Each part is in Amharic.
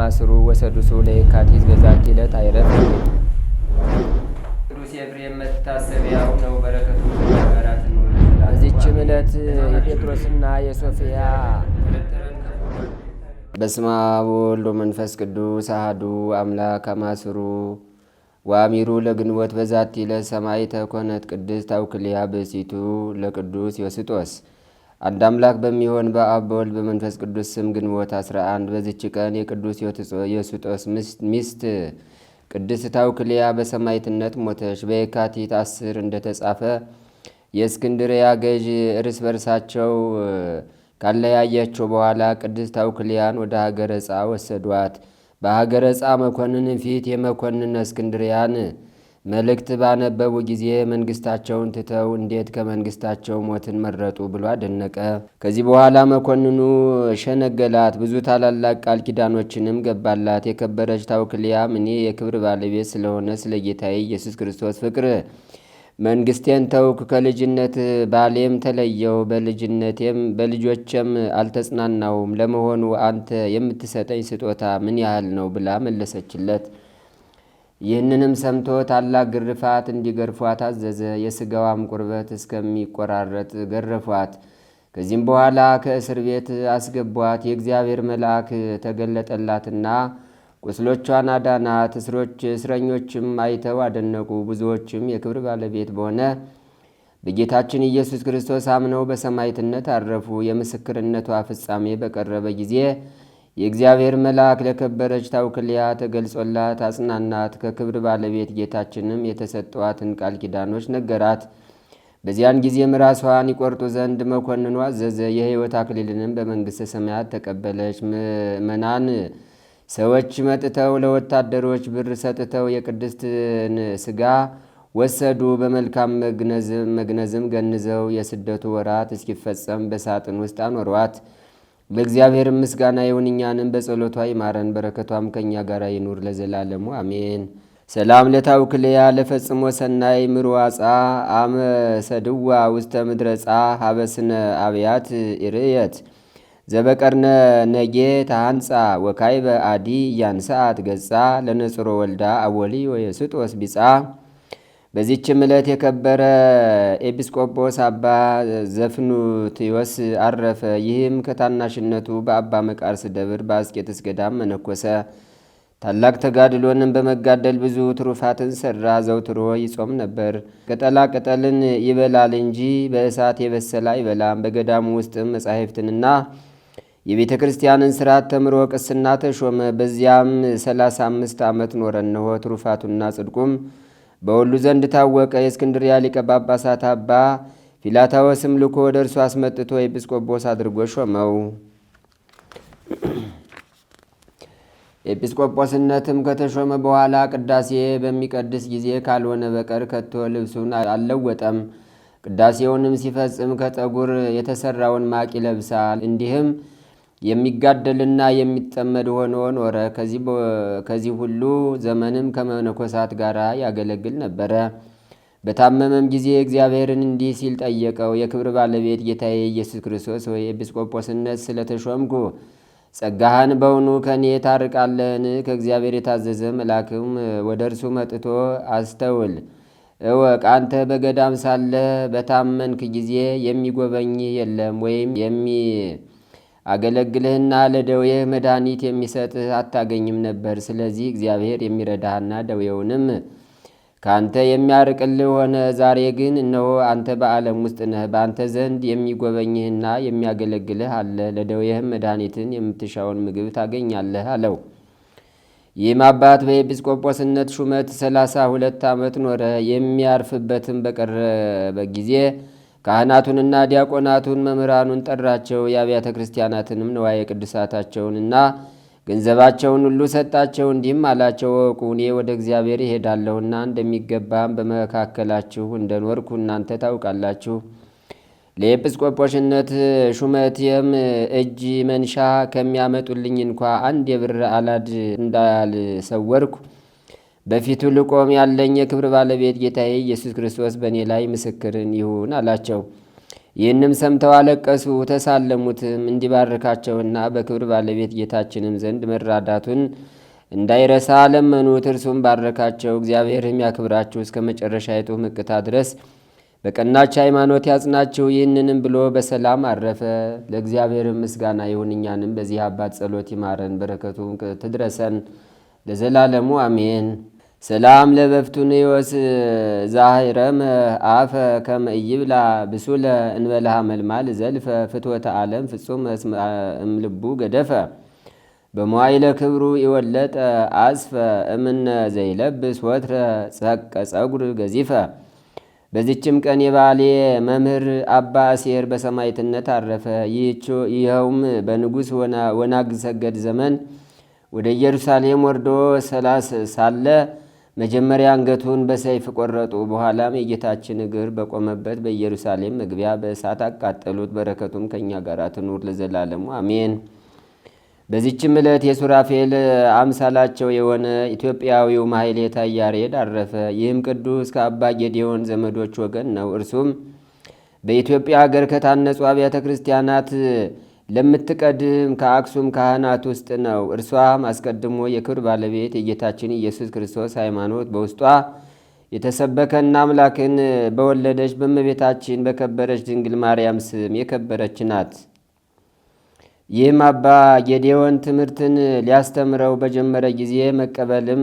ማስሩ ወሰዱሱ ለየካቲት በዛቲ ዕለት አይረፍ። ቅዱስ ኤፍሬም መታሰቢያው ነው። በረከቱ ጋራት በዚችም ዕለት የጴጥሮስና የሶፊያ በስመ አብ ወወልድ ወመንፈስ ቅዱስ አሐዱ አምላክ አማስሩ ወአሚሩ ለግንቦት በዛቲ ዕለት ሰማዕት ኮነት ቅድስት አውክልያ ብእሲቱ ለቅዱስ ዮስጦስ አንድ አምላክ በሚሆን በአብ በወልድ በመንፈስ ቅዱስ ስም ግንቦት 11 በዚች ቀን የቅዱስ የሱጦስ ሚስት ቅድስት ታውክልያ በሰማይትነት ሞተች። በየካቲት አስር እንደተጻፈ የእስክንድርያ ገዥ እርስ በርሳቸው ካለያያቸው በኋላ ቅድስት ታውክልያን ወደ ሀገረ ጻ ወሰዷት። በሀገረ ጻ መኮንን ፊት የመኮንን እስክንድርያን መልእክት ባነበቡ ጊዜ መንግስታቸውን ትተው እንዴት ከመንግስታቸው ሞትን መረጡ ብሎ አደነቀ። ከዚህ በኋላ መኮንኑ ሸነገላት፣ ብዙ ታላላቅ ቃል ኪዳኖችንም ገባላት። የከበረች ታውክሊያም እኔ የክብር ባለቤት ስለሆነ ስለ ጌታዬ ኢየሱስ ክርስቶስ ፍቅር መንግስቴን ተውክ፣ ከልጅነት ባሌም ተለየው፣ በልጅነቴም በልጆቼም አልተጽናናውም። ለመሆኑ አንተ የምትሰጠኝ ስጦታ ምን ያህል ነው ብላ መለሰችለት። ይህንንም ሰምቶ ታላቅ ግርፋት እንዲገርፏት አዘዘ። የሥጋዋም ቁርበት እስከሚቆራረጥ ገረፏት። ከዚህም በኋላ ከእስር ቤት አስገቧት። የእግዚአብሔር መልአክ ተገለጠላትና ቁስሎቿን አዳናት። እስሮች እስረኞችም አይተው አደነቁ። ብዙዎችም የክብር ባለቤት በሆነ በጌታችን ኢየሱስ ክርስቶስ አምነው በሰማዕትነት አረፉ። የምስክርነቷ ፍጻሜ በቀረበ ጊዜ የእግዚአብሔር መልአክ ለከበረች ታውክልያ ተገልጾላት አጽናናት። ከክብር ባለቤት ጌታችንም የተሰጠዋትን ቃል ኪዳኖች ነገራት። በዚያን ጊዜም ራሷን ይቆርጡ ዘንድ መኮንኑ አዘዘ። የሕይወት አክሊልንም በመንግሥተ ሰማያት ተቀበለች። ምእመናን ሰዎች መጥተው ለወታደሮች ብር ሰጥተው የቅድስትን ሥጋ ወሰዱ። በመልካም መግነዝም ገንዘው የስደቱ ወራት እስኪፈጸም በሳጥን ውስጥ አኖሯት። በእግዚአብሔር ምስጋና ይሁን። እኛንም በጸሎቷ ይማረን፣ በረከቷም ከእኛ ጋር ይኑር ለዘላለሙ አሜን። ሰላም ለታውክልያ ለፈጽሞ ሰናይ ምርዋፃ አመ ሰድዋ ውስተ ምድረፃ ሀበስነ አብያት ይርእየት ዘበቀርነ ነጌ ታሃንፃ ወካይበ አዲ እያንሰአት ገጻ ለነጽሮ ወልዳ አወሊ ወየስጦስ ቢጻ በዚችም ዕለት የከበረ ኤጲስቆጶስ አባ ዘፍኑትዮስ አረፈ። ይህም ከታናሽነቱ በአባ መቃርስ ደብር በአስቄጥስ ገዳም መነኮሰ። ታላቅ ተጋድሎንም በመጋደል ብዙ ትሩፋትን ሰራ። ዘውትሮ ይጾም ነበር። ቅጠላ ቅጠልን ይበላል እንጂ በእሳት የበሰለ አይበላም። በገዳሙ ውስጥም መጻሕፍትንና የቤተ ክርስቲያንን ስርዓት ተምሮ ቅስና ተሾመ። በዚያም ሰላሳ አምስት ዓመት ኖረ። እነሆ ትሩፋቱና ጽድቁም በሁሉ ዘንድ ታወቀ። የእስክንድሪያ ሊቀ ጳጳሳት አባ ፊላታወስም ልኮ ወደ እርሱ አስመጥቶ ኤጲስቆጶስ አድርጎ ሾመው። ኤጲስቆጶስነትም ከተሾመ በኋላ ቅዳሴ በሚቀድስ ጊዜ ካልሆነ በቀር ከቶ ልብሱን አልለወጠም። ቅዳሴውንም ሲፈጽም ከጠጉር የተሰራውን ማቅ ይለብሳል። እንዲህም የሚጋደልና የሚጠመድ ሆኖ ኖረ። ከዚህ ሁሉ ዘመንም ከመነኮሳት ጋር ያገለግል ነበረ። በታመመም ጊዜ እግዚአብሔርን እንዲህ ሲል ጠየቀው። የክብር ባለቤት ጌታዬ ኢየሱስ ክርስቶስ ወይ ኤጲስቆጶስነት ስለተሾምኩ ጸጋህን በውኑ ከእኔ ታርቃለህን? ከእግዚአብሔር የታዘዘ መልአክም ወደ እርሱ መጥቶ አስተውል እወቅ፣ አንተ በገዳም ሳለ በታመንክ ጊዜ የሚጎበኝህ የለም ወይም የሚ አገለግልህና ለደዌህ መድኃኒት የሚሰጥህ አታገኝም ነበር። ስለዚህ እግዚአብሔር የሚረዳህና ደዌውንም ከአንተ የሚያርቅልህ ሆነ። ዛሬ ግን እነሆ አንተ በዓለም ውስጥ ነህ፣ በአንተ ዘንድ የሚጎበኝህና የሚያገለግልህ አለ። ለደዌህም መድኃኒትን የምትሻውን ምግብ ታገኛለህ አለው። ይህም አባት በኤጲስቆጶስነት ሹመት ሰላሳ ሁለት ዓመት ኖረ። የሚያርፍበትም በቀረበ ጊዜ ካህናቱንና ዲያቆናቱን መምህራኑን ጠራቸው። የአብያተ ክርስቲያናትንም ንዋየ ቅድሳታቸውንና ገንዘባቸውን ሁሉ ሰጣቸው። እንዲህም አላቸው፣ ወቁ እኔ ወደ እግዚአብሔር እሄዳለሁና እንደሚገባም በመካከላችሁ እንደኖርኩ እናንተ ታውቃላችሁ። ለኤጲስቆጶስነት ሹመትየም እጅ መንሻ ከሚያመጡልኝ እንኳ አንድ የብር አላድ እንዳልሰወርኩ በፊቱ ልቆም ያለኝ የክብር ባለቤት ጌታዬ ኢየሱስ ክርስቶስ በእኔ ላይ ምስክርን ይሁን አላቸው። ይህንም ሰምተው አለቀሱ፣ ተሳለሙትም። እንዲባርካቸውና በክብር ባለቤት ጌታችንም ዘንድ መራዳቱን እንዳይረሳ ለመኑት። እርሱም ባረካቸው። እግዚአብሔርም ያክብራችሁ እስከ መጨረሻይቱ ምቅታ ድረስ በቀናች ሃይማኖት ያጽናችሁ። ይህንንም ብሎ በሰላም አረፈ። ለእግዚአብሔር ምስጋና ይሁን፣ እኛንም በዚህ አባት ጸሎት ይማረን፣ በረከቱ ትድረሰን ለዘላለሙ አሜን። ሰላም ለበፍቱን ወስ ዛህረመ አፈ ከመ እይብላ ብሱለ እንበልሃ መልማል ዘልፈ ፍትወተ ዓለም ፍጹም እምልቡ ገደፈ በመዋይለ ክብሩ ይወለጠ አስፈ እምነ ዘይለብስ ወትረ ጸቀ ጸጉር ገዚፈ። በዚችም ቀን የባሌ መምህር አባ አሴር በሰማይትነት አረፈ። ይኸውም በንጉሥ ወናግ ሰገድ ዘመን ወደ ኢየሩሳሌም ወርዶ ሰላስ ሳለ መጀመሪያ አንገቱን በሰይፍ ቆረጡ። በኋላም የጌታችን እግር በቆመበት በኢየሩሳሌም መግቢያ በእሳት አቃጠሉት። በረከቱም ከእኛ ጋር ትኑር ለዘላለሙ አሜን። በዚችም ዕለት የሱራፌል አምሳላቸው የሆነ ኢትዮጵያዊው ማሕሌተ ያሬድ አረፈ። ይህም ቅዱስ ከአባ ጌዴዎን ዘመዶች ወገን ነው። እርሱም በኢትዮጵያ ሀገር ከታነጹ አብያተ ክርስቲያናት ለምትቀድም ከአክሱም ካህናት ውስጥ ነው። እርሷም አስቀድሞ የክብር ባለቤት የጌታችን ኢየሱስ ክርስቶስ ሃይማኖት በውስጧ የተሰበከና አምላክን በወለደች በእመቤታችን በከበረች ድንግል ማርያም ስም የከበረች ናት። ይህም አባ ጌዴዎን ትምህርትን ሊያስተምረው በጀመረ ጊዜ መቀበልም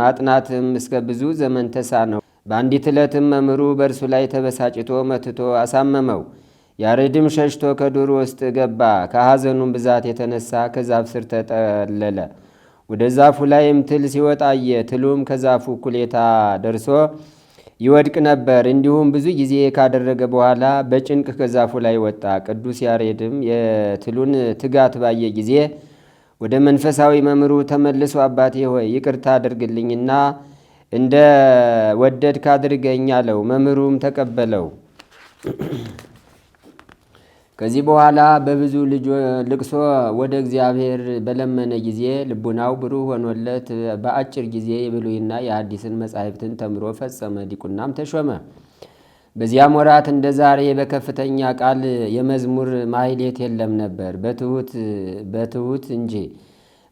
ማጥናትም እስከ ብዙ ዘመን ተሳነው። በአንዲት ዕለትም መምህሩ በእርሱ ላይ ተበሳጭቶ መትቶ አሳመመው። ያሬድም ሸሽቶ ከዱር ውስጥ ገባ። ከሐዘኑም ብዛት የተነሳ ከዛፍ ስር ተጠለለ። ወደ ዛፉ ላይም ትል ሲወጣ አየ። ትሉም ከዛፉ እኩሌታ ደርሶ ይወድቅ ነበር። እንዲሁም ብዙ ጊዜ ካደረገ በኋላ በጭንቅ ከዛፉ ላይ ወጣ። ቅዱስ ያሬድም የትሉን ትጋት ባየ ጊዜ ወደ መንፈሳዊ መምህሩ ተመልሶ አባቴ ሆይ ይቅርታ አድርግልኝና እንደ ወደድክ አድርገኝ አለው። መምህሩም ተቀበለው። ከዚህ በኋላ በብዙ ልቅሶ ወደ እግዚአብሔር በለመነ ጊዜ ልቡናው ብሩህ ሆኖለት በአጭር ጊዜ የብሉይና የአዲስን መጻሕፍትን ተምሮ ፈጸመ። ዲቁናም ተሾመ። በዚያም ወራት እንደ ዛሬ በከፍተኛ ቃል የመዝሙር ማሕሌት የለም ነበር፣ በትሑት እንጂ።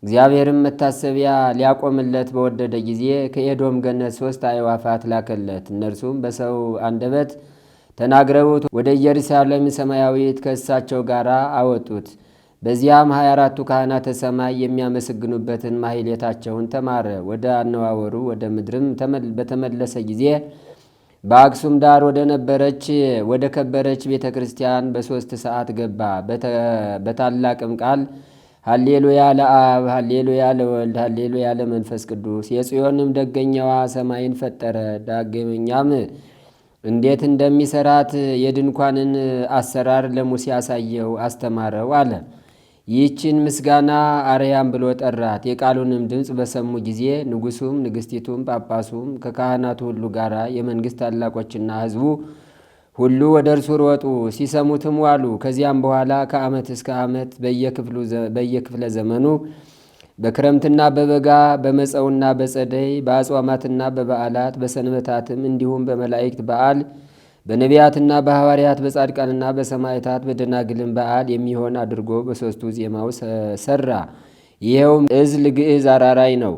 እግዚአብሔርም መታሰቢያ ሊያቆምለት በወደደ ጊዜ ከኤዶም ገነት ሦስት አዕዋፋት ላከለት። እነርሱም በሰው አንደበት ተናግረውት ወደ ኢየሩሳሌም ሰማያዊት ከእሳቸው ጋር አወጡት። በዚያም ሀያ አራቱ ካህናተ ሰማይ የሚያመሰግኑበትን ማሕሌታቸውን ተማረ። ወደ አነዋወሩ ወደ ምድርም በተመለሰ ጊዜ በአክሱም ዳር ወደ ነበረች ወደ ከበረች ቤተ ክርስቲያን በሦስት ሰዓት ገባ። በታላቅም ቃል ሃሌሉያ ለአብ፣ ሃሌሉያ ለወልድ፣ ሃሌሉያ ለመንፈስ ቅዱስ። የጽዮንም ደገኛዋ ሰማይን ፈጠረ። ዳግመኛም እንዴት እንደሚሰራት የድንኳንን አሰራር ለሙሴ አሳየው፣ አስተማረው አለ። ይህችን ምስጋና አርያም ብሎ ጠራት። የቃሉንም ድምፅ በሰሙ ጊዜ ንጉሱም፣ ንግስቲቱም፣ ጳጳሱም ከካህናቱ ሁሉ ጋር የመንግስት ታላቆችና ህዝቡ ሁሉ ወደ እርሱ ሮጡ፣ ሲሰሙትም ዋሉ። ከዚያም በኋላ ከአመት እስከ ዓመት በየክፍለ ዘመኑ በክረምትና በበጋ በመጸውና በጸደይ በአጽዋማትና በበዓላት በሰንበታትም እንዲሁም በመላእክት በዓል በነቢያትና በሐዋርያት በጻድቃንና በሰማይታት በደናግልን በዓል የሚሆን አድርጎ በሦስቱ ዜማው ሰራ። ይኸውም እዝል፣ ግዕዝ፣ አራራይ ነው።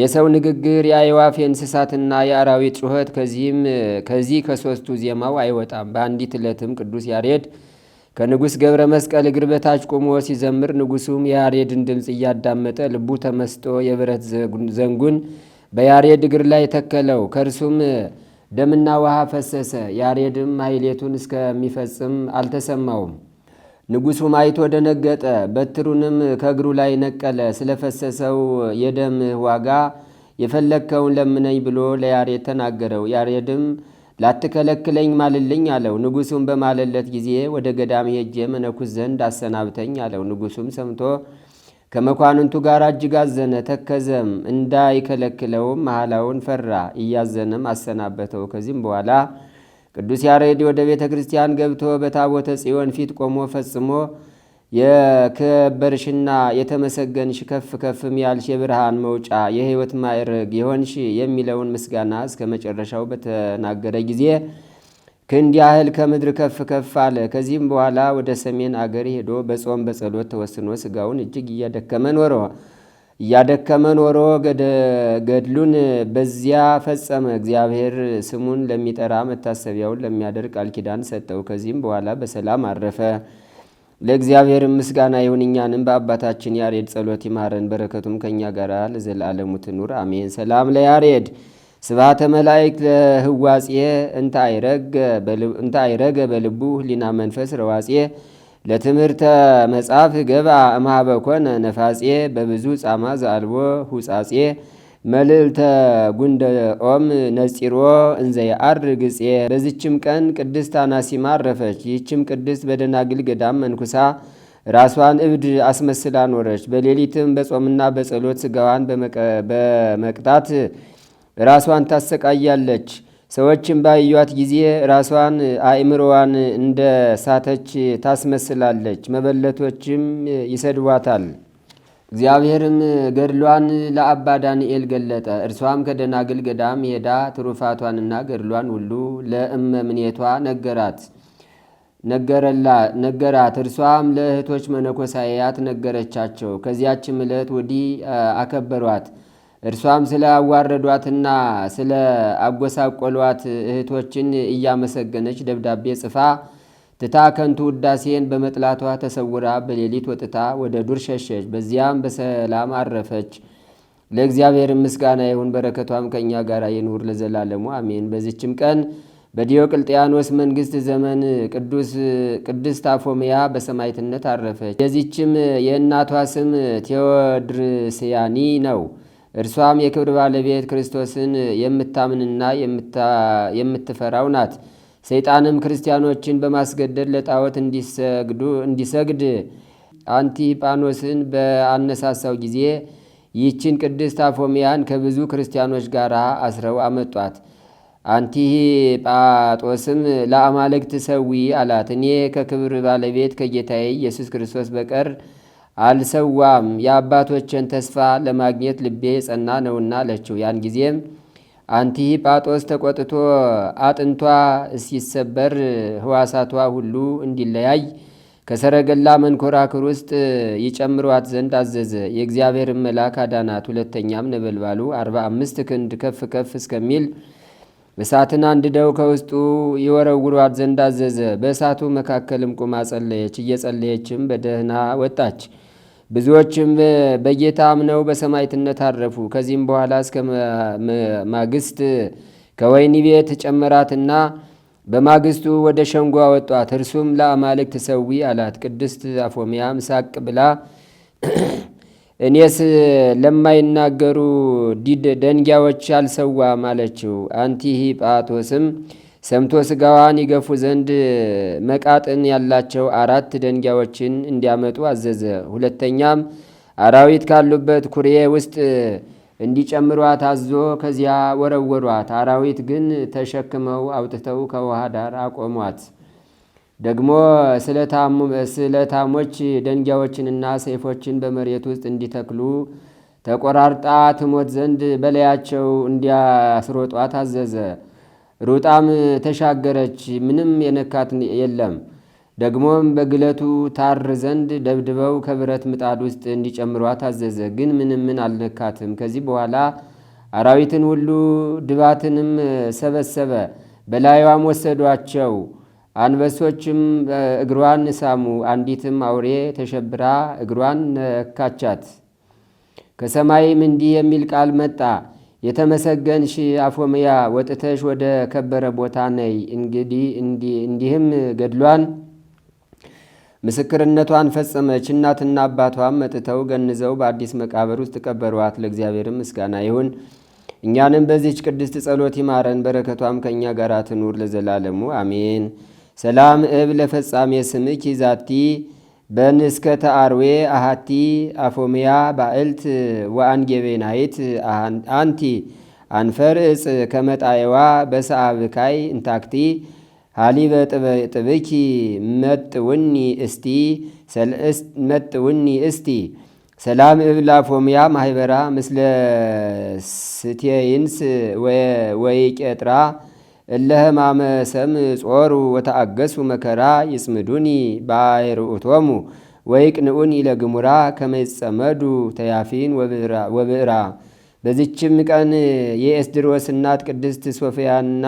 የሰው ንግግር፣ የአይዋፍ የእንስሳትና የአራዊት ጩኸት ከዚህ ከሦስቱ ዜማው አይወጣም። በአንዲት ዕለትም ቅዱስ ያሬድ ከንጉሥ ገብረ መስቀል እግር በታች ቆሞ ሲዘምር ንጉሡም የያሬድን ድምፅ እያዳመጠ ልቡ ተመስጦ የብረት ዘንጉን በያሬድ እግር ላይ ተከለው። ከእርሱም ደምና ውሃ ፈሰሰ። ያሬድም ኃይሌቱን እስከሚፈጽም አልተሰማውም። ንጉሡም አይቶ ደነገጠ። በትሩንም ከእግሩ ላይ ነቀለ። ስለፈሰሰው የደም ዋጋ የፈለግከውን ለምነኝ ብሎ ለያሬድ ተናገረው። ያሬድም ላትከለክለኝ ማልልኝ አለው። ንጉሱም በማለለት ጊዜ ወደ ገዳም ሄጄ መነኩስ ዘንድ አሰናብተኝ አለው። ንጉሱም ሰምቶ ከመኳንንቱ ጋር እጅግ አዘነ፣ ተከዘም። እንዳይከለክለውም መሐላውን ፈራ፣ እያዘነም አሰናበተው። ከዚህም በኋላ ቅዱስ ያሬድ ወደ ቤተ ክርስቲያን ገብቶ በታቦተ ጽዮን ፊት ቆሞ ፈጽሞ የከበርሽና የተመሰገንሽ ከፍ ከፍም ያልሽ የብርሃን መውጫ የሕይወት ማዕረግ የሆንሽ የሚለውን ምስጋና እስከ መጨረሻው በተናገረ ጊዜ ክንድ ያህል ከምድር ከፍ ከፍ አለ። ከዚህም በኋላ ወደ ሰሜን አገር ሄዶ በጾም በጸሎት ተወስኖ ስጋውን እጅግ እያደከመ ኖረ እያደከመ ኖሮ ገድሉን በዚያ ፈጸመ። እግዚአብሔር ስሙን ለሚጠራ መታሰቢያውን ለሚያደርግ ቃል ኪዳን ሰጠው። ከዚህም በኋላ በሰላም አረፈ። ለእግዚአብሔር ምስጋና ይሁን። እኛንም በአባታችን ያሬድ ጸሎት ይማረን፣ በረከቱም ከእኛ ጋር ለዘላለሙ ትኑር አሜን። ሰላም ለያሬድ ስብሐተ መላእክት ለህዋጽየ እንተ አይረገ በልቡ ህሊና መንፈስ ረዋጽየ ለትምህርተ መጽሐፍ ገባ እምኀበ ኮነ ነፋጼ በብዙ ጻማ ዘአልቦ ሁጻጼ መልዕልተ ጉንደኦም ነጺሮ አር ግጼ። በዚችም ቀን ቅድስት አናሲማ አረፈች። ይህችም ቅድስት በደናግል ገዳም መንኩሳ ራሷን እብድ አስመስላ ኖረች። በሌሊትም በጾምና በጸሎት ስጋዋን በመቅጣት ራሷን ታሰቃያለች። ሰዎችም ባዩዋት ጊዜ ራሷን አእምሮዋን እንደ ሳተች ታስመስላለች። መበለቶችም ይሰድቧታል። እግዚአብሔርም ገድሏን ለአባ ዳንኤል ገለጠ። እርሷም ከደናግል ገዳም ሄዳ ትሩፋቷንና ገድሏን ሁሉ ለእመ ምኔቷ ነገራት ነገረላ ነገራት። እርሷም ለእህቶች መነኮሳያት ነገረቻቸው። ከዚያችም ዕለት ወዲህ አከበሯት። እርሷም ስለ አዋረዷትና ስለ አጎሳቆሏት እህቶችን እያመሰገነች ደብዳቤ ጽፋ ትታ ከንቱ ውዳሴን በመጥላቷ ተሰውራ በሌሊት ወጥታ ወደ ዱር ሸሸች። በዚያም በሰላም አረፈች። ለእግዚአብሔር ምስጋና ይሁን፣ በረከቷም ከእኛ ጋር ይኑር ለዘላለሙ አሜን። በዚችም ቀን በዲዮቅልጥያኖስ መንግስት ዘመን ቅዱስ ቅድስት አፎምያ በሰማይትነት አረፈች። የዚችም የእናቷ ስም ቴዎድርስያኒ ነው። እርሷም የክብር ባለቤት ክርስቶስን የምታምንና የምትፈራው ናት። ሰይጣንም ክርስቲያኖችን በማስገደድ ለጣዖት እንዲሰግድ አንቲጳኖስን በአነሳሳው ጊዜ ይህችን ቅድስት አፎሚያን ከብዙ ክርስቲያኖች ጋር አስረው አመጧት። አንቲጳጦስም ለአማልክት ሰዊ አላት። እኔ ከክብር ባለቤት ከጌታዬ ኢየሱስ ክርስቶስ በቀር አልሰዋም፣ የአባቶችን ተስፋ ለማግኘት ልቤ ጸና ነውና አለችው። ያን ጊዜም አንቲጳጦስ ተቆጥቶ አጥንቷ ሲሰበር ህዋሳቷ ሁሉ እንዲለያይ ከሰረገላ መንኮራኩር ውስጥ ይጨምሯት ዘንድ አዘዘ። የእግዚአብሔርን መልአክ አዳናት። ሁለተኛም ነበልባሉ አርባ አምስት ክንድ ከፍ ከፍ እስከሚል እሳትን አንድደው ከውስጡ ይወረውሯት ዘንድ አዘዘ። በእሳቱ መካከልም ቁማ ጸለየች። እየጸለየችም በደህና ወጣች። ብዙዎችም በጌታ አምነው በሰማይትነት አረፉ። ከዚህም በኋላ እስከ ማግስት ከወይኒ ቤት ጨመራትና በማግስቱ ወደ ሸንጎ አወጧት። እርሱም ለአማልክት ሰዊ አላት። ቅድስት አፎሚያም ሳቅ ብላ እኔስ ለማይናገሩ ደንጋዎች አልሰዋም አለችው። አንቲ ሂጳቶስም ሰምቶ ስጋዋን ይገፉ ዘንድ መቃጥን ያላቸው አራት ደንጊያዎችን እንዲያመጡ አዘዘ። ሁለተኛም አራዊት ካሉበት ኩሬ ውስጥ እንዲጨምሯት አዞ ከዚያ ወረወሯት። አራዊት ግን ተሸክመው አውጥተው ከውሃ ዳር አቆሟት። ደግሞ ስለታሞች ደንጊያዎችንና ሰይፎችን በመሬት ውስጥ እንዲተክሉ ተቆራርጣ ትሞት ዘንድ በላያቸው እንዲያስሮጧት አዘዘ። ሩጣም ተሻገረች፣ ምንም የነካት የለም። ደግሞም በግለቱ ታር ዘንድ ደብድበው ከብረት ምጣድ ውስጥ እንዲጨምሯት አዘዘ። ግን ምንም ምን አልነካትም። ከዚህ በኋላ አራዊትን ሁሉ ድባትንም ሰበሰበ፣ በላይዋም ወሰዷቸው። አንበሶችም እግሯን ሳሙ። አንዲትም አውሬ ተሸብራ እግሯን ነካቻት። ከሰማይም እንዲህ የሚል ቃል መጣ የተመሰገንሽ አፎምያ ወጥተሽ ወደ ከበረ ቦታ ነይ። እንግዲህ እንዲህም ገድሏን ምስክርነቷን ፈጸመች። እናትና አባቷም መጥተው ገንዘው በአዲስ መቃብር ውስጥ ቀበሯት። ለእግዚአብሔር ምስጋና ይሁን። እኛንም በዚች ቅድስት ጸሎት ይማረን፣ በረከቷም ከእኛ ጋር ትኑር ለዘላለሙ አሜን። ሰላም እብ ለፈጻሜ ስምኪ ዛቲ በንስከተ አርዌ አሃቲ አፎሚያ ባዕልት ወአንጌቤናይት አንቲ አንፈር እጽ ከመጣየዋ በሰአብካይ እንታክቲ ሃሊበ ጥብኪ መጥውኒ እስቲ መጥውኒ እስቲ ሰላም እብል አፎሚያ ማህበራ ምስለ ስቴይንስ ቄጥራ እለህማመ ሰም ሰምዕ ጾሩ ወተአገሱ መከራ ይጽምዱኒ ባይርኡቶሙ ወይቅንኡኒ ለግሙራ ከመይጸመዱ ተያፊን ወብዕራ። በዚችም ቀን የኤስድሮስ እናት ቅድስት ሶፊያና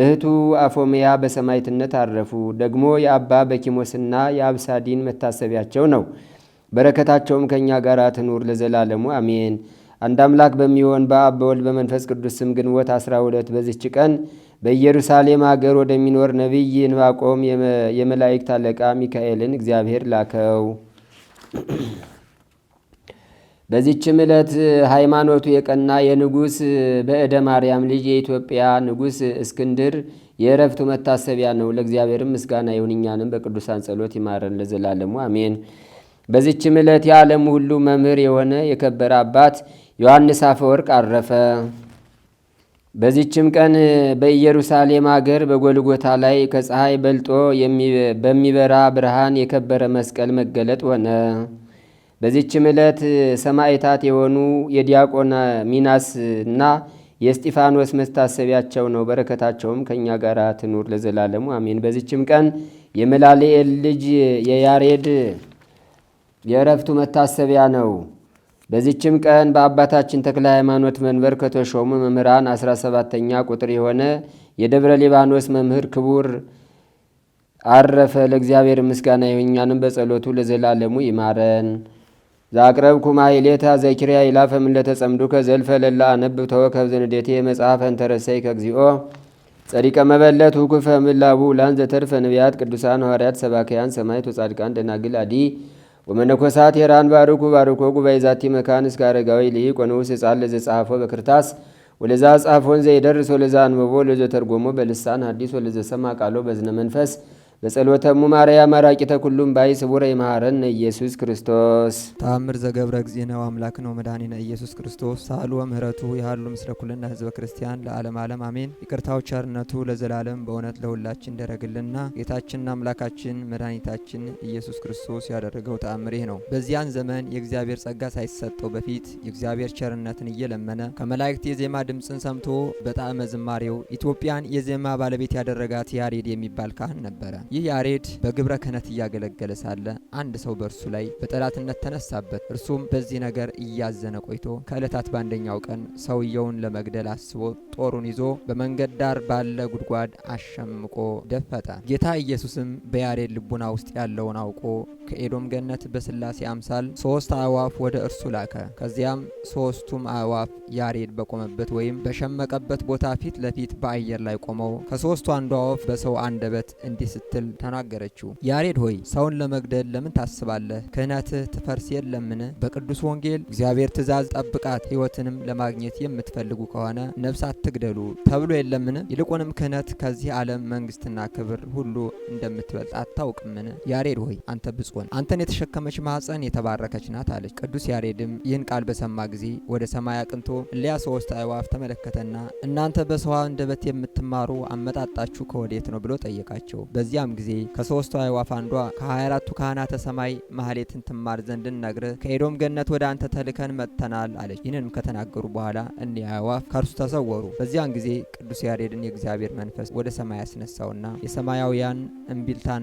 እህቱ አፎሚያ በሰማይትነት አረፉ። ደግሞ የአባ በኪሞስና የአብሳዲን መታሰቢያቸው ነው። በረከታቸውም ከእኛ ጋር ትኑር ለዘላለሙ አሜን። አንድ አምላክ በሚሆን በአብ በወልድ በመንፈስ ቅዱስ ስም ግንቦት 12 በዚች ቀን በኢየሩሳሌም አገር ወደሚኖር ነቢይ እንባቆም የመላእክት አለቃ ሚካኤልን እግዚአብሔር ላከው። በዚችም ዕለት ሃይማኖቱ የቀና የንጉሥ በእደ ማርያም ልጅ የኢትዮጵያ ንጉሥ እስክንድር የእረፍቱ መታሰቢያ ነው። ለእግዚአብሔርም ምስጋና ይሁን፣ እኛንም በቅዱሳን ጸሎት ይማረን ለዘላለሙ አሜን። በዚችም ዕለት የዓለም ሁሉ መምህር የሆነ የከበረ አባት ዮሐንስ አፈወርቅ አረፈ። በዚችም ቀን በኢየሩሳሌም አገር በጎልጎታ ላይ ከፀሐይ በልጦ በሚበራ ብርሃን የከበረ መስቀል መገለጥ ሆነ። በዚችም ዕለት ሰማዕታት የሆኑ የዲያቆን ሚናስና የእስጢፋኖስ መስታሰቢያቸው ነው። በረከታቸውም ከእኛ ጋር ትኑር ለዘላለሙ አሜን። በዚችም ቀን የመላልኤል ልጅ የያሬድ የእረፍቱ መታሰቢያ ነው። በዚችም ቀን በአባታችን ተክለ ሃይማኖት መንበር ከተሾሙ መምህራን አስራ ሰባተኛ ቁጥር የሆነ የደብረ ሊባኖስ መምህር ክቡር አረፈ። ለእግዚአብሔር ምስጋና ይሁኛንም በጸሎቱ ለዘላለሙ ይማረን። ዛቅረብኩ ማሕሌታ ዘኪርያ ይላፈ ምለተ ጸምዱከ ዘልፈ ለላ አነብብ ተወከብ ዘንዴቴ መጽሐፈ እንተረሰይ ከግዚኦ ጸሪቀ መበለት ውኩፈ ምላቡ ላን ዘተርፈ ነቢያት ቅዱሳን ሐዋርያት ሰባክያን ሰማይ ተጻድቃን ደናግል አዲ ወመነኮሳት ሄራን ባርኩ ባርኮ ጉባኤ ዛቲ መካን እስከ አረጋዊ ልይ ወንዑስ ሕፃን ለዘ ጻፎ በክርታስ ወለዛ ጻፎን ዘይደርስ ወለዛ አንበቦ ለዘ ተርጎሞ በልሳን አዲስ ወለዘ ሰማ ቃሎ በዝነ መንፈስ በጸሎተሙ ማርያም አራቂተ ኩሉም ባይ ስቡረ ይማረን ኢየሱስ ክርስቶስ ተአምር ዘገብረ እግዚእነ አምላክ ነው መድኃኒነ ኢየሱስ ክርስቶስ ሳሉ ምህረቱ ያሉ ምስለ ኩልነ ህዝበ ክርስቲያን ለዓለም ዓለም አሜን። ይቅርታው ቸርነቱ ለዘላለም በእውነት ለሁላችን ደረግልና ጌታችንና አምላካችን መድኃኒታችን ኢየሱስ ክርስቶስ ያደረገው ተአምር ይህ ነው። በዚያን ዘመን የእግዚአብሔር ጸጋ ሳይሰጠው በፊት የእግዚአብሔር ቸርነትን እየለመነ ከመላእክት የዜማ ድምፅን ሰምቶ በጣዕመ ዝማሬው ኢትዮጵያን የዜማ ባለቤት ያደረጋት ያሬድ የሚባል ካህን ነበረ። ይህ ያሬድ በግብረ ክህነት እያገለገለ ሳለ አንድ ሰው በእርሱ ላይ በጠላትነት ተነሳበት። እርሱም በዚህ ነገር እያዘነ ቆይቶ ከዕለታት በአንደኛው ቀን ሰውየውን ለመግደል አስቦ ጦሩን ይዞ በመንገድ ዳር ባለ ጉድጓድ አሸምቆ ደፈጠ። ጌታ ኢየሱስም በያሬድ ልቡና ውስጥ ያለውን አውቆ ከኤዶም ገነት በስላሴ አምሳል ሶስት አእዋፍ ወደ እርሱ ላከ። ከዚያም ሶስቱም አእዋፍ ያሬድ በቆመበት ወይም በሸመቀበት ቦታ ፊት ለፊት በአየር ላይ ቆመው ከሶስቱ አንዷ ወፍ በሰው አንደበት እንዲህ ስትል ተናገረችው። ያሬድ ሆይ ሰውን ለመግደል ለምን ታስባለህ? ክህነትህ ትፈርስ የለምን? በቅዱስ ወንጌል እግዚአብሔር ትእዛዝ ጠብቃት፣ ሕይወትንም ለማግኘት የምትፈልጉ ከሆነ ነፍስ አትግደሉ ተብሎ የለምን? ይልቁንም ክህነት ከዚህ ዓለም መንግስትና ክብር ሁሉ እንደምትበልጥ አታውቅምን? ያሬድ ሆይ አንተ ብፁ ትሁን፣ አንተን የተሸከመች ማፀን የተባረከች ናት አለች። ቅዱስ ያሬድም ይህን ቃል በሰማ ጊዜ ወደ ሰማይ አቅንቶ እሊያ ሶስት አዕዋፍ ተመለከተና እናንተ በሰው አንደበት የምትማሩ አመጣጣችሁ ከወዴት ነው ብሎ ጠየቃቸው። በዚያም ጊዜ ከሶስቱ አዕዋፍ አንዷ ከ24ቱ ካህናተ ሰማይ ማህሌትን ትማር ዘንድ ነግረ ከኤዶም ገነት ወደ አንተ ተልከን መጥተናል አለች። ይህንንም ከተናገሩ በኋላ እኒ አዕዋፍ ከእርሱ ተሰወሩ። በዚያን ጊዜ ቅዱስ ያሬድን የእግዚአብሔር መንፈስ ወደ ሰማይ ያስነሳውና የሰማያውያን እምቢልታና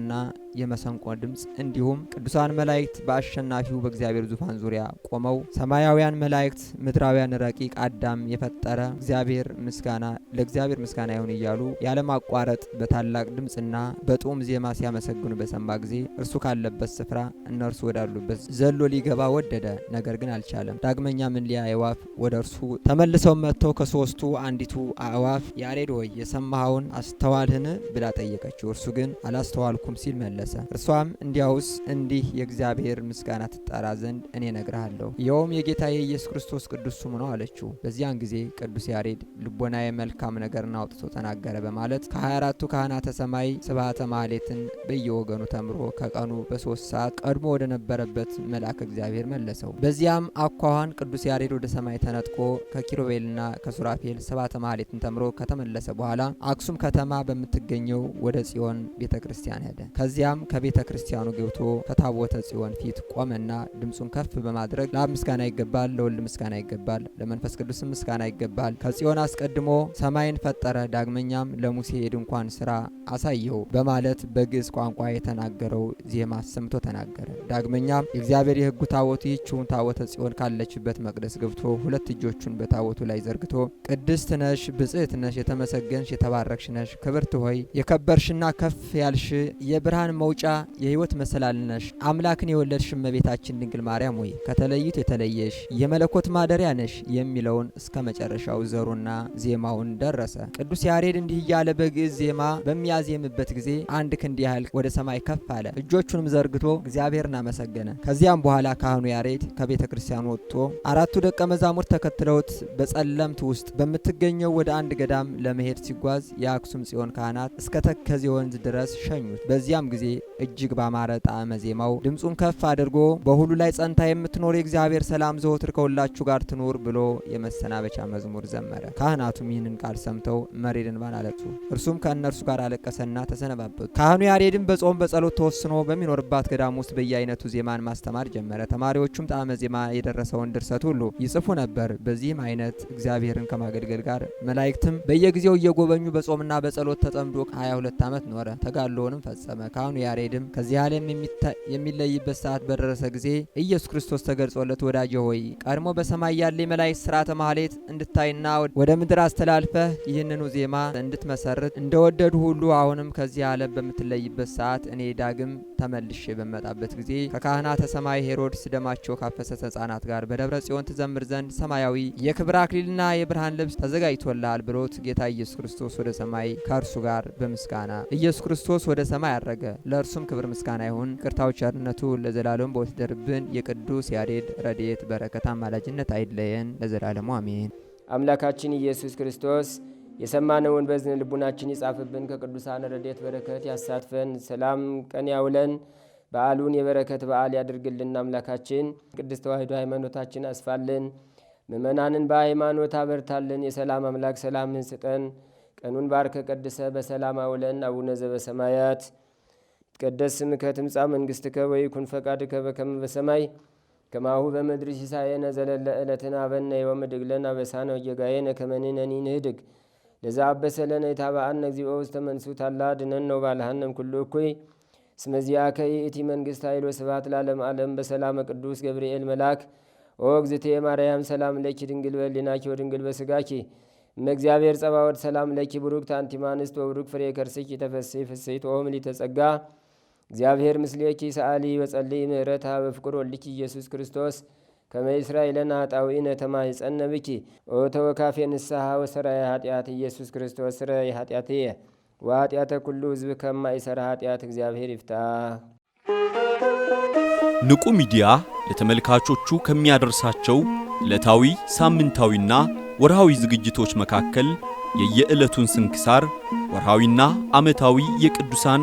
የመሰንቆ ድምፅ እንዲሁም ቅዱሳን መላእክት በአሸናፊው በእግዚአብሔር ዙፋን ዙሪያ ቆመው ሰማያውያን መላእክት ምድራውያን ረቂቅ አዳም የፈጠረ እግዚአብሔር ምስጋና ለእግዚአብሔር ምስጋና ይሁን እያሉ ያለማቋረጥ በታላቅ ድምፅና በጡም ዜማ ሲያመሰግኑ በሰማ ጊዜ እርሱ ካለበት ስፍራ እነርሱ ወዳሉበት ዘሎ ሊገባ ወደደ፣ ነገር ግን አልቻለም። ዳግመኛ ሊያ አእዋፍ ወደ እርሱ ተመልሰው መጥተው ከሶስቱ አንዲቱ አእዋፍ ያሬድ ሆይ የሰማኸውን አስተዋልህን ብላ ጠየቀችው። እርሱ ግን አላስተዋልኩም ሲል መለሰ። እርሷም እንዲያውስ እንዲህ የእግዚአብሔር ምስጋና ትጣራ ዘንድ እኔ ነግርሃለሁ። ይኸውም የጌታ የኢየሱስ ክርስቶስ ቅዱስ ስሙ ነው አለችው። በዚያን ጊዜ ቅዱስ ያሬድ ልቦናዬ መልካም ነገርን አውጥቶ ተናገረ በማለት ከ24ቱ ካህናተ ሰማይ ስብሐተ ማህሌትን በየወገኑ ተምሮ ከቀኑ በሶስት ሰዓት ቀድሞ ወደ ነበረበት መልአክ እግዚአብሔር መለሰው። በዚያም አኳኋን ቅዱስ ያሬድ ወደ ሰማይ ተነጥቆ ከኪሩቤልና ከሱራፌል ሰባተ ማህሌትን ተምሮ ከተመለሰ በኋላ አክሱም ከተማ በምትገኘው ወደ ጽዮን ቤተ ክርስቲያን ሄደ። ከዚያም ከቤተ ክርስቲያኑ ገብቶ ከታቦተ ጽዮን ፊት ቆመና ድምፁን ከፍ በማድረግ ለአብ ምስጋና ይገባል፣ ለወልድ ምስጋና ይገባል፣ ለመንፈስ ቅዱስም ምስጋና ይገባል። ከጽዮን አስቀድሞ ሰማይን ፈጠረ፣ ዳግመኛም ለሙሴ የድንኳን ስራ አሳየው በማለት በግዕዝ ቋንቋ የተናገረው ዜማ አሰምቶ ተናገረ። ዳግመኛም የእግዚአብሔር የሕጉ ታቦቱ ይችውን ታቦተ ጽዮን ካለችበት መቅደስ ገብቶ ሁለት እጆቹን በታቦቱ ላይ ዘርግቶ ቅድስት ነሽ፣ ብጽህት ነሽ፣ የተመሰገንሽ የተባረክሽ ነሽ፣ ክብርት ሆይ የከበርሽና ከፍ ያልሽ የብርሃን መውጫ የህይወት መሰላልነ ነሽ፣ አምላክን የወለድሽ እመቤታችን ድንግል ማርያም ሆይ ከተለይት የተለየሽ የመለኮት ማደሪያ ነሽ የሚለውን እስከ መጨረሻው ዘሩና ዜማውን ደረሰ። ቅዱስ ያሬድ እንዲህ እያለ በግዕዝ ዜማ በሚያዜምበት ጊዜ አንድ ክንድ ያህል ወደ ሰማይ ከፍ አለ። እጆቹንም ዘርግቶ እግዚአብሔርን አመሰገነ። ከዚያም በኋላ ካህኑ ያሬድ ከቤተ ክርስቲያን ወጥቶ አራቱ ደቀ መዛሙርት ተከትለውት በጸለምት ውስጥ በምትገኘው ወደ አንድ ገዳም ለመሄድ ሲጓዝ የአክሱም ጽዮን ካህናት እስከ ተከዜ ወንዝ ድረስ ሸኙት። በዚያም ጊዜ እጅግ ባማረ ጣዕመ ዜማው ድምፁን ከፍ አድርጎ በሁሉ ላይ ጸንታ የምትኖር የእግዚአብሔር ሰላም ዘወትር ከሁላችሁ ጋር ትኑር ብሎ የመሰናበቻ መዝሙር ዘመረ። ካህናቱም ይህንን ቃል ሰምተው መሬድን ባን አለቅሱ። እርሱም ከእነርሱ ጋር አለቀሰና ተሰነባበቱ። ካህኑ ያሬድን በጾም በጸሎት ተወስኖ በሚኖርባት ገዳም ውስጥ በየአይነቱ ዜማን ማስተማር ጀመረ። ተማሪዎቹም ጣዕመ ዜማ የደረሰውን ድርሰት ሁሉ ይጽፉ ነበር። በዚህም አይነት እግዚአብሔርን ከማገልገል ጋር መላእክትም በየጊዜው እየጎበኙ በጾምና በጸሎት ተጠምዶ 22 ዓመት ኖረ። ተጋድሎውንም ፈጸመ። ካህኑ ያሬድም ከዚህ ዓለም የሚታ የሚለይበት ሰዓት በደረሰ ጊዜ ኢየሱስ ክርስቶስ ተገልጾለት ወዳጄ ሆይ ቀድሞ በሰማይ ያለ የመላእክት ሥርዓተ ማህሌት እንድታይና ወደ ምድር አስተላልፈህ ይህንኑ ዜማ እንድትመሰርት እንደወደዱ ሁሉ አሁንም ከዚህ ዓለም በምትለይበት ሰዓት እኔ ዳግም ተመልሼ በመጣበት ጊዜ ከካህናተ ሰማይ ሄሮድስ ደማቸው ካፈሰ ሕፃናት ጋር በደብረ ጽዮን ትዘምር ዘንድ ሰማያዊ የክብር አክሊልና የብርሃን ልብስ ተዘጋጅቶልሃል ብሎት ጌታ ኢየሱስ ክርስቶስ ወደ ሰማይ ከእርሱ ጋር በምስጋና ኢየሱስ ክርስቶስ ወደ ሰማይ አረገ። ለእርሱም ክብር ምስጋና ይሁን። ይቅርታው ቸርነቱ ለዘላለም በወትደርብን የቅዱስ ያሬድ ረድኤት በረከት አማላጅነት አይለየን ለዘላለሙ አሜን። አምላካችን ኢየሱስ ክርስቶስ የሰማነውን በዝን ልቡናችን ይጻፍብን፣ ከቅዱሳን ረድኤት በረከት ያሳትፈን፣ ሰላም ቀን ያውለን፣ በዓሉን የበረከት በዓል ያድርግልን። አምላካችን ቅድስት ተዋሕዶ ሃይማኖታችን አስፋልን፣ ምእመናንን በሃይማኖት አበርታልን። የሰላም አምላክ ሰላምን ስጠን። ቀኑን ባርከ ቀድሰ በሰላም አውለን። አቡነ ዘበሰማያት ይትቀደስ ስምከ ትምጻእ መንግሥትከ ወይኩን ፈቃድከ በከመ በሰማይ ከማሁ በምድሪ ሲሳየነ ዘለለ ዕለትነ ሀበነ ዮም ወኅድግ ለነ አበሳነ ወጌጋየነ ከመ ንሕነኒ ንኅድግ ለዘአበሰ ለነ ኢታብአነ እግዚኦ ውስተ መንሱት አላ አድኅነነ ወባልሐነ ኩሉ እኩይ እስመ ዚአከ ይእቲ መንግስት ኃይል ወስብሐት ለዓለመ ዓለም በሰላመ ቅዱስ ገብርኤል መልአክ ኦ እግዝእትየ ማርያም ሰላም ለኪ ድንግል በሕሊናኪ ወድንግል በሥጋኪ እመእግዚአብሔር ጸባዖት ሰላም ለኪ ቡሩክት አንቲ እምአንስት ወቡሩክ ፍሬ ከርስኪ ተፈሥሒ ፍሥሕት ኦ ምልዕተ ጸጋ እግዚአብሔር ምስሌኪ ሰአሊ በጸልይ ምህረታ በፍቅር ወልኪ ኢየሱስ ክርስቶስ ከመ እስራኤለን አጣዊነ ተማይጸነ ብኪ ኦ ተወካፌ ንስሐ ወሰራ ኃጢአት ኢየሱስ ክርስቶስ ስረ ስረይ ኃጢአትየ ወኃጢአተ ኩሉ ሕዝብ ከማይሰራ ኃጢአት እግዚአብሔር ይፍታ። ንቁ ሚዲያ ለተመልካቾቹ ከሚያደርሳቸው ዕለታዊ ሳምንታዊና ወርሃዊ ዝግጅቶች መካከል የየዕለቱን ስንክሳር ወርሃዊና ዓመታዊ የቅዱሳን